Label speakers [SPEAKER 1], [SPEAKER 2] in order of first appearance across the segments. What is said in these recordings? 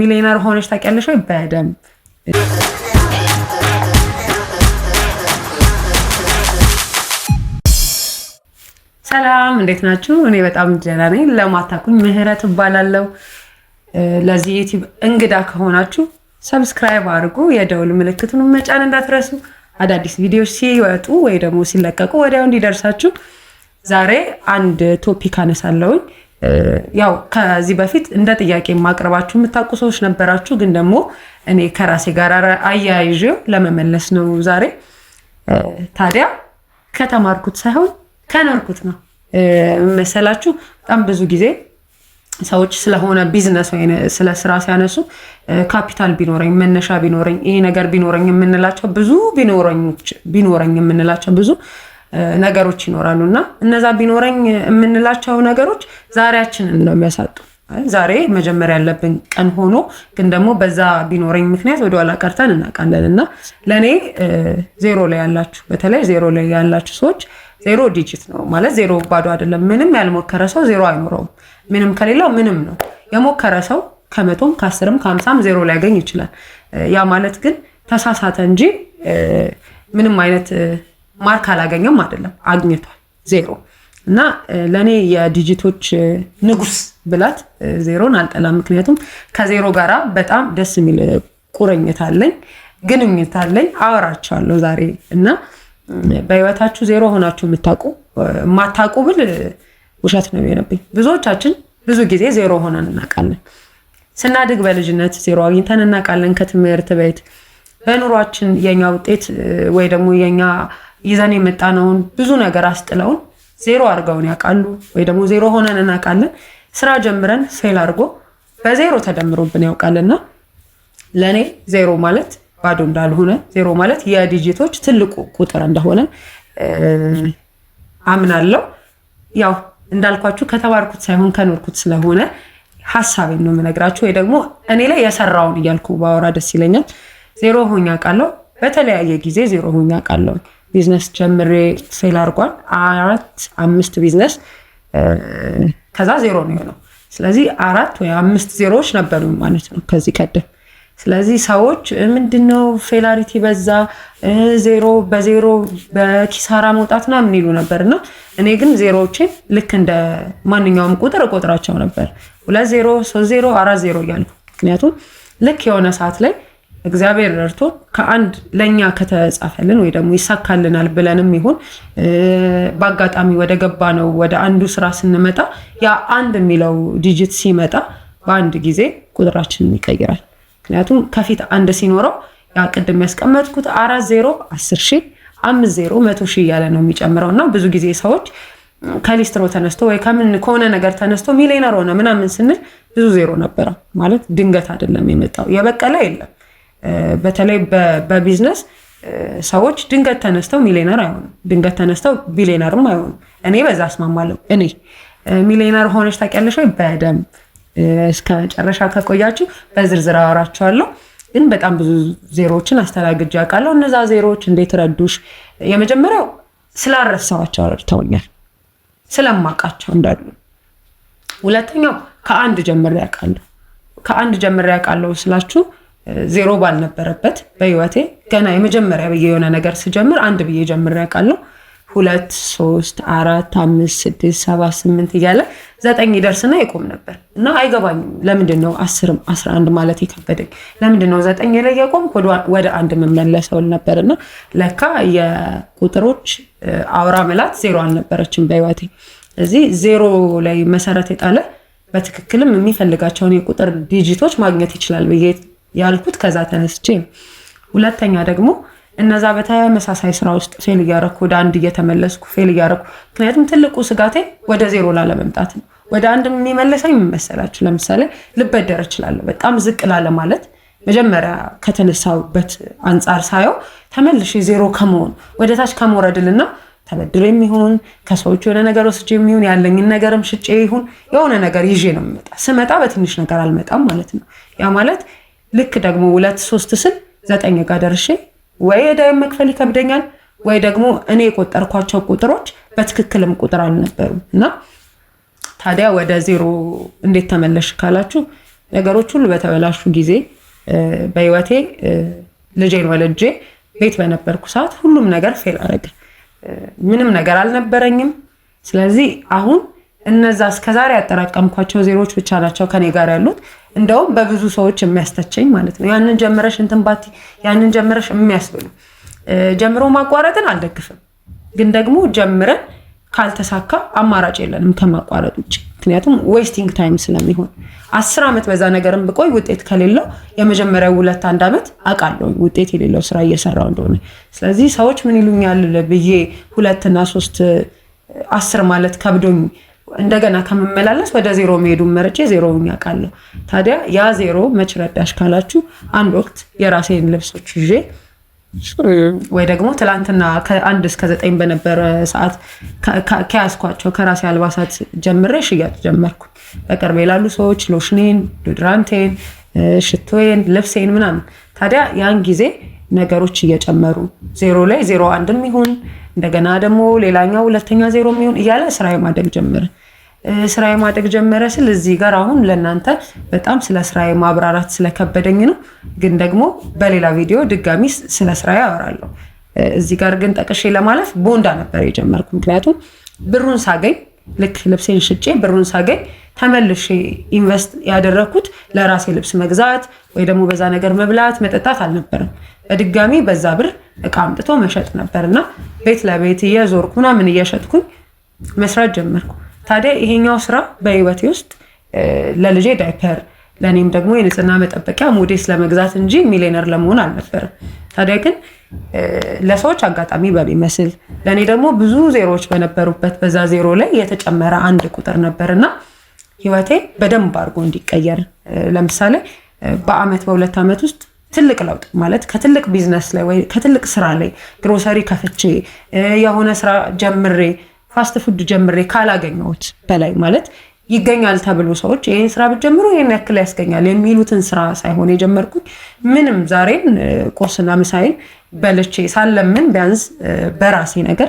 [SPEAKER 1] ሚሊዮነር ሆነሽ ታውቂያለሽ ወይ? በደንብ ሰላም፣ እንዴት ናችሁ? እኔ በጣም ደህና ነኝ። ለማታኩኝ ምህረት እባላለሁ። ለዚህ ዩቲዩብ እንግዳ ከሆናችሁ ሰብስክራይብ አድርጉ፣ የደውል ምልክቱን መጫን እንዳትረሱ። አዳዲስ ቪዲዮ ሲወጡ ወይ ደግሞ ሲለቀቁ ወዲያው እንዲደርሳችሁ። ዛሬ አንድ ቶፒክ አነሳለሁኝ ያው ከዚህ በፊት እንደ ጥያቄ ማቅረባችሁ የምታውቁ ሰዎች ነበራችሁ፣ ግን ደግሞ እኔ ከራሴ ጋር አያይዤው ለመመለስ ነው ዛሬ። ታዲያ ከተማርኩት ሳይሆን ከኖርኩት ነው መሰላችሁ። በጣም ብዙ ጊዜ ሰዎች ስለሆነ ቢዝነስ ወይ ስለ ስራ ሲያነሱ ካፒታል ቢኖረኝ መነሻ ቢኖረኝ ይሄ ነገር ቢኖረኝ የምንላቸው ብዙ ቢኖረኝ የምንላቸው ብዙ ነገሮች ይኖራሉ እና እነዛ ቢኖረኝ የምንላቸው ነገሮች ዛሬያችንን ነው የሚያሳጡ። ዛሬ መጀመሪያ ያለብን ቀን ሆኖ ግን ደግሞ በዛ ቢኖረኝ ምክንያት ወደኋላ ቀርተን እናውቃለን። እና ለእኔ ዜሮ ላይ ያላችሁ በተለይ ዜሮ ላይ ያላችሁ ሰዎች ዜሮ ዲጂት ነው ማለት ዜሮ ባዶ አይደለም። ምንም ያልሞከረ ሰው ዜሮ አይኖረውም። ምንም ከሌላው ምንም ነው። የሞከረ ሰው ከመቶም ከአስርም ከአምሳም ዜሮ ሊያገኝ ይችላል። ያ ማለት ግን ተሳሳተ እንጂ ምንም አይነት ማርክ አላገኘም አይደለም፣ አግኝቷል። ዜሮ እና ለእኔ የዲጂቶች ንጉስ ብላት ዜሮን አልጠላም። ምክንያቱም ከዜሮ ጋራ በጣም ደስ የሚል ቁርኝት አለኝ፣ ግንኙነት አለኝ፣ አወራቸዋለሁ ዛሬ እና በህይወታችሁ ዜሮ ሆናችሁ የምታውቁ የማታውቁ ብል ውሸት ነው የሆነብኝ። ብዙዎቻችን ብዙ ጊዜ ዜሮ ሆነን እናውቃለን። ስናድግ በልጅነት ዜሮ አግኝተን እናውቃለን። ከትምህርት ቤት በኑሯችን የኛ ውጤት ወይ ደግሞ የኛ ይዘን የመጣነውን ብዙ ነገር አስጥለውን ዜሮ አድርገውን ያውቃሉ፣ ወይ ደግሞ ዜሮ ሆነን እናውቃለን። ስራ ጀምረን ፌል አድርጎ በዜሮ ተደምሮብን ያውቃልና ለእኔ ዜሮ ማለት ባዶ እንዳልሆነ ዜሮ ማለት የዲጂቶች ትልቁ ቁጥር እንደሆነ አምናለሁ። ያው እንዳልኳችሁ ከተባርኩት ሳይሆን ከኖርኩት ስለሆነ ሀሳቤን ነው የምነግራችሁ፣ ወይ ደግሞ እኔ ላይ የሰራውን እያልኩ ባወራ ደስ ይለኛል። ዜሮ ሆኛ ቃለው በተለያየ ጊዜ ዜሮ ሆኛ አውቃለሁ። ቢዝነስ ጀምሬ ፌል አድርጓል። አራት አምስት ቢዝነስ ከዛ ዜሮ ነው የሆነው። ስለዚህ አራት ወይ አምስት ዜሮዎች ነበሩ ማለት ነው ከዚህ ቀደም። ስለዚህ ሰዎች ምንድነው ፌላሪቲ በዛ ዜሮ በዜሮ በኪሳራ መውጣት ምናምን ይሉ ነበር እና እኔ ግን ዜሮዎችን ልክ እንደ ማንኛውም ቁጥር እቆጥራቸው ነበር፣ ሁለት ዜሮ፣ ሶስት ዜሮ፣ አራት ዜሮ እያልኩ ምክንያቱም ልክ የሆነ ሰዓት ላይ እግዚአብሔር ረድቶ ከአንድ ለእኛ ከተጻፈልን ወይ ደግሞ ይሳካልናል ብለንም ይሁን በአጋጣሚ ወደ ገባ ነው ወደ አንዱ ስራ ስንመጣ ያ አንድ የሚለው ዲጂት ሲመጣ በአንድ ጊዜ ቁጥራችንን ይቀይራል። ምክንያቱም ከፊት አንድ ሲኖረው ያ ቅድም ያስቀመጥኩት አራት ዜሮ አስር ሺህ አምስት ዜሮ መቶ ሺህ እያለ ነው የሚጨምረው እና ብዙ ጊዜ ሰዎች ከሊስትሮ ተነስቶ ወይ ከምን ከሆነ ነገር ተነስቶ ሚሊዮነር ሆነ ምናምን ስንል ብዙ ዜሮ ነበረ ማለት ድንገት አይደለም የመጣው የበቀለ የለም በተለይ በቢዝነስ ሰዎች ድንገት ተነስተው ሚሊዮነር አይሆኑም። ድንገት ተነስተው ቢሊዮነርም አይሆኑም። እኔ በዛ አስማማለሁ። እኔ ሚሊዮነር ሆነች ታውቂያለሽ ወይ? በደንብ እስከ መጨረሻ ከቆያችሁ በዝርዝር አወራችኋለሁ። ግን በጣም ብዙ ዜሮዎችን አስተናግጄ አውቃለሁ። እነዛ ዜሮዎች እንዴት ረዱሽ? የመጀመሪያው ስላረሳኋቸው ረድተውኛል፣ ስለማውቃቸው እንዳሉ። ሁለተኛው ከአንድ ጀምሬ አውቃለሁ። ከአንድ ጀምሬ አውቃለሁ ስላችሁ ዜሮ ባልነበረበት በህይወቴ ገና የመጀመሪያ ብዬ የሆነ ነገር ስጀምር አንድ ብዬ ጀምር አውቃለሁ። ሁለት ሶስት አራት አምስት ስድስት ሰባት ስምንት እያለ ዘጠኝ ይደርስና ይቆም ነበር እና አይገባኝም። ለምንድን ነው አስርም አስራ አንድ ማለት የከበደኝ? ለምንድን ነው ዘጠኝ ላይ የቆም ወደ አንድ የምመለሰው ነበር እና ለካ የቁጥሮች አውራ ምላት ዜሮ አልነበረችም በህይወቴ። እዚህ ዜሮ ላይ መሰረት የጣለ በትክክልም የሚፈልጋቸውን የቁጥር ዲጂቶች ማግኘት ይችላል ብዬ ያልኩት ከዛ ተነስቼ ሁለተኛ ደግሞ እነዛ በተመሳሳይ ስራ ውስጥ ፌል እያረኩ ወደ አንድ እየተመለስኩ ፌል እያረኩ፣ ምክንያቱም ትልቁ ስጋቴ ወደ ዜሮ ላለመምጣት ነው። ወደ አንድ የሚመለሰኝ የሚመሰላችሁ ለምሳሌ ልበደር እችላለሁ። በጣም ዝቅ ላለ ማለት መጀመሪያ ከተነሳሁበት አንጻር ሳየው ተመልሼ ዜሮ ከመሆን ወደ ታች ከመውረድልና ተበድሮ የሚሆን ከሰዎች የሆነ ነገር ወስጄ የሚሆን ያለኝን ነገርም ሽጬ ይሁን የሆነ ነገር ይዤ ነው የምመጣ። ስመጣ በትንሽ ነገር አልመጣም ማለት ነው። ያ ማለት ልክ ደግሞ ሁለት ሶስት ስል ዘጠኝ ጋር ደርሼ ወይ ዕዳዬን መክፈል ይከብደኛል ወይ ደግሞ እኔ የቆጠርኳቸው ቁጥሮች በትክክልም ቁጥር አልነበሩም እና ታዲያ ወደ ዜሮ እንዴት ተመለሽ ካላችሁ ነገሮች ሁሉ በተበላሹ ጊዜ በህይወቴ ልጄን ወልጄ ቤት በነበርኩ ሰዓት ሁሉም ነገር ፌል አደረገ። ምንም ነገር አልነበረኝም። ስለዚህ አሁን እነዛ እስከዛሬ ያጠራቀምኳቸው ዜሮች ብቻ ናቸው ከኔ ጋር ያሉት። እንደውም በብዙ ሰዎች የሚያስተቸኝ ማለት ነው። ያንን ጀምረሽ እንትን ያንን ጀምረሽ የሚያስብሉ ጀምሮ ማቋረጥን አልደግፍም። ግን ደግሞ ጀምረን ካልተሳካ አማራጭ የለንም ከማቋረጥ ውጭ። ምክንያቱም ዌስቲንግ ታይም ስለሚሆን አስር ዓመት በዛ ነገርም ብቆይ ውጤት ከሌለው የመጀመሪያው ሁለት አንድ ዓመት አውቃለሁ ውጤት የሌለው ስራ እየሰራው እንደሆነ። ስለዚህ ሰዎች ምን ይሉኛል ብዬ ሁለትና ሶስት አስር ማለት ከብዶኝ እንደገና ከምመላለስ ወደ ዜሮ መሄዱ መርጬ ዜሮውን ያውቃለሁ። ታዲያ ያ ዜሮ መች ረዳሽ ካላችሁ አንድ ወቅት የራሴን ልብሶች ይዤ ወይ ደግሞ ትላንትና ከአንድ እስከ ዘጠኝ በነበረ ሰዓት ከያዝኳቸው ከራሴ አልባሳት ጀምሬ ሽያጭ ጀመርኩ። በቅርቤ ላሉ ሰዎች ሎሽኔን፣ ዶድራንቴን፣ ሽቶዬን፣ ልብሴን ምናምን። ታዲያ ያን ጊዜ ነገሮች እየጨመሩ ዜሮ ላይ ዜሮ አንድም ይሁን እንደገና ደግሞ ሌላኛው ሁለተኛ ዜሮ የሚሆን እያለ ስራ ማደግ ጀምርን። ስራ ማደግ ጀመረ ስል እዚህ ጋር አሁን ለእናንተ በጣም ስለ ስራ ማብራራት ስለከበደኝ ነው። ግን ደግሞ በሌላ ቪዲዮ ድጋሚ ስለ ስራ ያወራለሁ። እዚህ ጋር ግን ጠቅሼ ለማለፍ ቦንዳ ነበር የጀመርኩ። ምክንያቱም ብሩን ሳገኝ ልክ ልብሴን ሽጬ ብሩን ሳገኝ ተመልሼ ኢንቨስት ያደረግኩት ለራሴ ልብስ መግዛት ወይ ደግሞ በዛ ነገር መብላት መጠጣት አልነበረም። በድጋሚ በዛ ብር እቃ አምጥቶ መሸጥ ነበር እና ቤት ለቤት እየዞርኩ ምናምን እየሸጥኩኝ መስራት ጀመርኩ። ታዲያ ይሄኛው ስራ በህይወቴ ውስጥ ለልጄ ዳይፐር ለእኔም ደግሞ የንጽህና መጠበቂያ ሞዴስ ለመግዛት እንጂ ሚሊዮነር ለመሆን አልነበረም። ታዲያ ግን ለሰዎች አጋጣሚ በሚመስል ለእኔ ደግሞ ብዙ ዜሮዎች በነበሩበት በዛ ዜሮ ላይ የተጨመረ አንድ ቁጥር ነበር እና ህይወቴ በደንብ አድርጎ እንዲቀየር ለምሳሌ በአመት በሁለት ዓመት ውስጥ ትልቅ ለውጥ ማለት ከትልቅ ቢዝነስ ላይ ወይ ከትልቅ ስራ ላይ ግሮሰሪ ከፍቼ የሆነ ስራ ጀምሬ ፋስት ፉድ ጀምሬ ካላገኘሁት በላይ ማለት ይገኛል ተብሎ ሰዎች ይህን ስራ ብትጀምሩ ይህን ያክል ያስገኛል የሚሉትን ስራ ሳይሆን የጀመርኩኝ ምንም ዛሬን ቁርስና ምሳይን በልቼ ሳለምን ቢያንስ በራሴ ነገር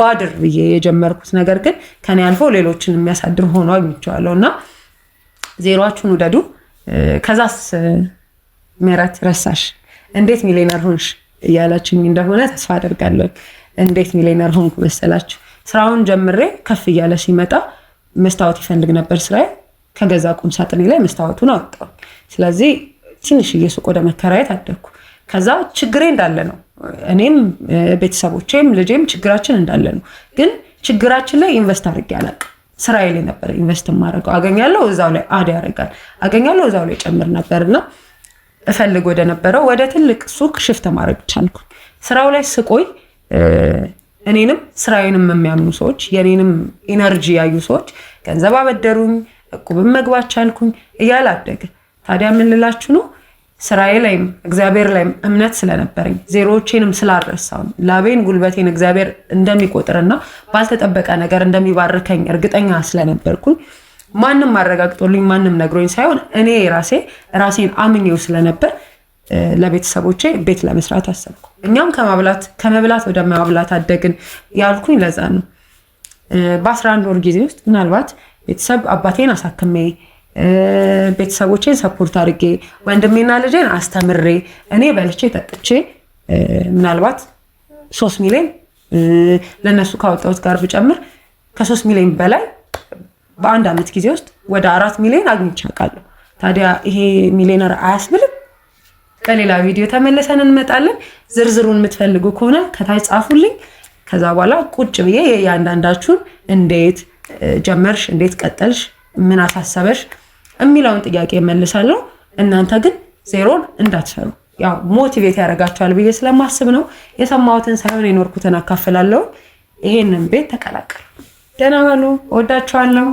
[SPEAKER 1] ባድር ብዬ የጀመርኩት ነገር ግን ከኔ አልፎ ሌሎችን የሚያሳድር ሆኖ አግኝቼዋለሁ እና ዜሯችሁን ውደዱ። ከዛስ ምህረት ረሳሽ እንዴት ሚሊዮነር ሆንሽ እያላችሁኝ እንደሆነ ተስፋ አደርጋለሁ። እንዴት ሚሊዮነር ሆንኩ መሰላችሁ? ስራውን ጀምሬ ከፍ እያለ ሲመጣ መስታወት ይፈልግ ነበር ስራ ከገዛ ቁም ሳጥኔ ላይ መስታወቱን አወጣው። ስለዚህ ትንሽዬ ሱቅ ወደ መከራየት አደግኩ። ከዛ ችግሬ እንዳለ ነው። እኔም ቤተሰቦቼም ልጄም ችግራችን እንዳለ ነው። ግን ችግራችን ላይ ኢንቨስት አድርጌ አላቅም። ስራዬ ላይ ነበር ኢንቨስት ማድረገው። አገኛለሁ እዛው ላይ አድ ያደርጋል አገኛለሁ እዛው ላይ ጨምር ነበር ነበርና እፈልግ ወደ ነበረው ወደ ትልቅ ሱቅ ሽፍት ማድረግ ቻልኩ። ስራው ላይ ስቆይ እኔንም ስራዬንም የሚያምኑ ሰዎች የኔንም ኢነርጂ ያዩ ሰዎች ገንዘብ አበደሩኝ፣ እቁብም መግባት ቻልኩኝ እያለ አደገ። ታዲያ የምንላችሁ ነው ስራዬ ላይም እግዚአብሔር ላይም እምነት ስለነበረኝ ዜሮዎቼንም ስላረሳው ላቤን ጉልበቴን እግዚአብሔር እንደሚቆጥርና ባልተጠበቀ ነገር እንደሚባርከኝ እርግጠኛ ስለነበርኩኝ ማንም አረጋግጦልኝ ማንም ነግሮኝ ሳይሆን እኔ ራሴ ራሴን አምኜው ስለነበር ለቤተሰቦቼ ቤት ለመስራት አሰብኩ። እኛም ከማብላት ከመብላት ወደ ማብላት አደግን ያልኩኝ ለዛ ነው። ወር ጊዜ ውስጥ ምናልባት ቤተሰብ አባቴን አሳክሜ ቤተሰቦቼን ሰፖርት አድርጌ ወንድሜና ልጄን አስተምሬ እኔ በልቼ ጠጥቼ ምናልባት ሶስት ሚሊዮን ለእነሱ ካወጣሁት ጋር ብጨምር ከሶስት ሚሊዮን በላይ በአንድ አመት ጊዜ ውስጥ ወደ አራት ሚሊዮን አግኝቻ አውቃለሁ። ታዲያ ይሄ ሚሊዮነር አያስብልም? ከሌላ ቪዲዮ ተመልሰን እንመጣለን። ዝርዝሩን የምትፈልጉ ከሆነ ከታች ጻፉልኝ። ከዛ በኋላ ቁጭ ብዬ የእያንዳንዳችሁን እንዴት ጀመርሽ፣ እንዴት ቀጠልሽ፣ ምን አሳሰበሽ የሚለውን ጥያቄ መልሳለሁ። እናንተ ግን ዜሮን እንዳትሰሩ፣ ያው ሞቲቬት ያደርጋቸዋል ብዬ ስለማስብ ነው። የሰማሁትን ሳይሆን የኖርኩትን አካፍላለሁ። ይሄንን ቤት ተቀላቀሉ። ደህና በሉ። ወዳችኋለሁ።